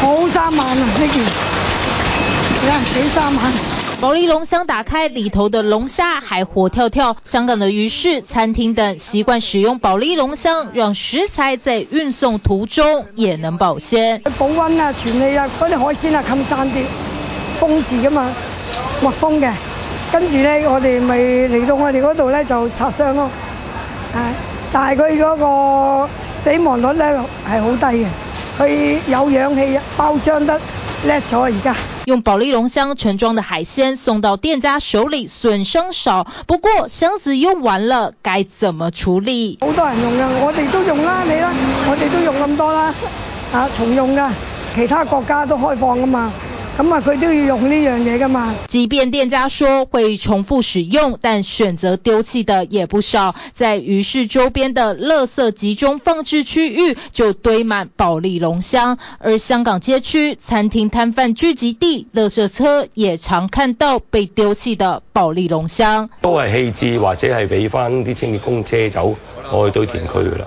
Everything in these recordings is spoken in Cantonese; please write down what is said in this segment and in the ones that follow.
好三萬啊呢件，睇幾三萬。保利龍箱打開，裏頭的龍蝦還活跳跳。香港的魚市、餐廳等習慣使用保利龍箱，讓食材在運送途中也能保鮮。保溫啊，傳氣啊，嗰啲海鮮啊，冚生啲，封字噶嘛，密封嘅。跟住咧，我哋咪嚟到我哋嗰度咧就拆箱咯。啊、呃，但係佢嗰個死亡率咧係好低嘅。佢有氧氣包裝得叻咗。而家用保麗龍箱盛裝的海鮮送到店家手裏，損傷少。不過箱子用完了，該怎麼處理？好多人用啊，我哋都用啦，你啦，我哋都用咁多啦。啊，重用㗎，其他國家都開放㗎嘛。咁啊，佢都要用呢樣嘢，噶嘛。即便店家說會重複使用，但選擇丟棄的也不少。在漁市周邊的垃圾集中放置區域，就堆滿保利龍箱，而香港街區、餐廳攤販聚集地、垃圾車也常看到被丟棄的保利龍箱。都係棄置或者係俾翻啲清潔工車走，我去堆填區噶啦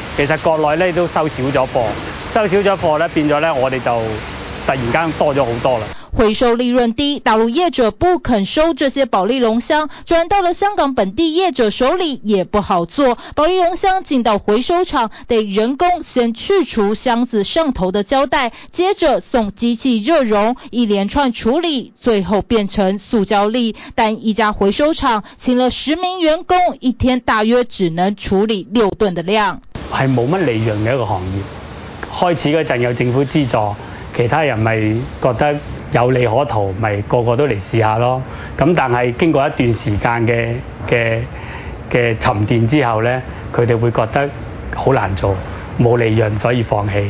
其實國內呢都收少咗貨，收少咗貨呢變咗呢。我哋就突然間多咗好多啦。回收利潤低，大陸業者不肯收這些保利龍箱，轉到了香港本地業者手裏也不好做。保利龍箱進到回收廠，得人工先去除箱子上頭的膠帶，接著送機器熱熔，一連串處理，最後變成塑膠粒。但一家回收廠請了十名員工，一天大約只能處理六噸的量。係冇乜利潤嘅一個行業，開始嗰陣有政府資助，其他人咪覺得有利可圖，咪個個都嚟試下咯。咁但係經過一段時間嘅嘅嘅沉澱之後咧，佢哋會覺得好難做，冇利潤，所以放棄。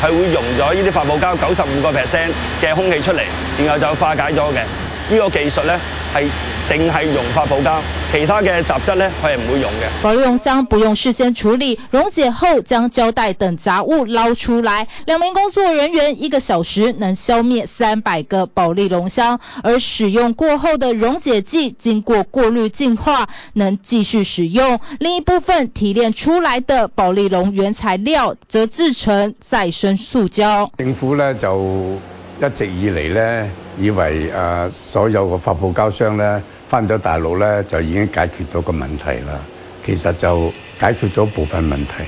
係會溶咗呢啲發泡膠，九十五個 percent 嘅空氣出嚟，然後就化解咗嘅。呢、這個技術咧係。淨係用發泡膠，其他嘅雜質咧，佢係唔會用嘅。保麗龍箱不用事先處理，溶解後將膠帶等雜物撈出來。兩名工作人員一個小時能消滅三百個保麗龍箱，而使用過後的溶解劑經過過濾淨化，能繼續使用。另一部分提煉出來的保麗龍原材料則製成再生塑膠。政府咧就一直以嚟咧以為啊、呃、所有嘅發泡膠箱咧。返咗大陸咧，就已經解決到個問題啦。其實就解決咗部分問題。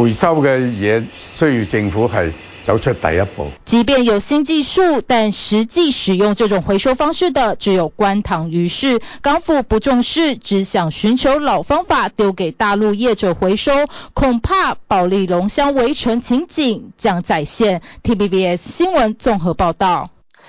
回收嘅嘢需要政府係走出第一步。即便有新技術，但實際使用這種回收方式的只有觀塘世。於是港府不重視，只想尋求老方法，丟給大陸業者回收。恐怕保麗龍鄉圍城情景將再現。TVBS 新聞綜合報導。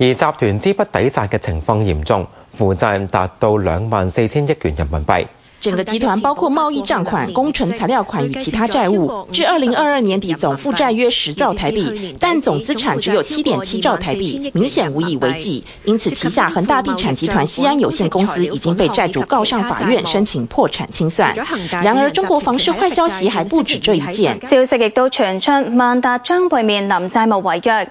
而集團資不抵債嘅情況嚴重，負債達到兩萬四千億元人民幣。整個集團包括貿易賬款、工程材料款與其他債務，至二零二二年底總負債約十兆台幣，但總資產只有七點七兆台幣，明顯無以為繼。因此，旗下恒大地產集團西安有限公司已經被債主告上法院申請破產清算。然而，中國房市壞消息還不止這一件事。消息亦都傳出，萬達將會面臨債務違約。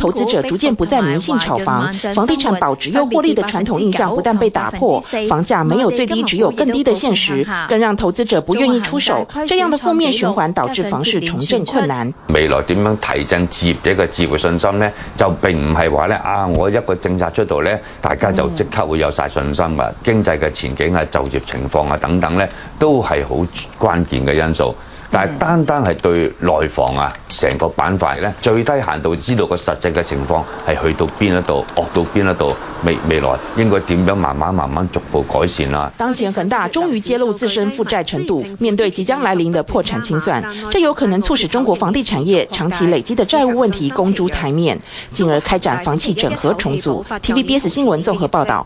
投資者逐漸不再迷信炒房，房地產保值又獲利的傳統印象不但被打破，房價沒有最低，只有更低的現實，更讓投資者不願意出手。這樣的負面循環導致房市重振困難。未來點樣提振置業者嘅智慧信心咧？就並唔係話咧啊！我一個政策出到咧，大家就即刻會有晒信心啊，經濟嘅前景啊，就業情況啊等等咧，都係好關鍵嘅因素。嗯、但係單單係對內房啊，成個板塊咧，最低限度知道個實際嘅情況係去到邊一度，惡到邊一度，未未來應該點樣慢慢慢慢逐步改善啦、啊。當前恒大終於揭露自身負債程度，面對即將來臨嘅破產清算，這有可能促使中國房地產業長期累積的債務問題公諸台面，進而開展房企整合重組。TVBS 新聞綜合報導。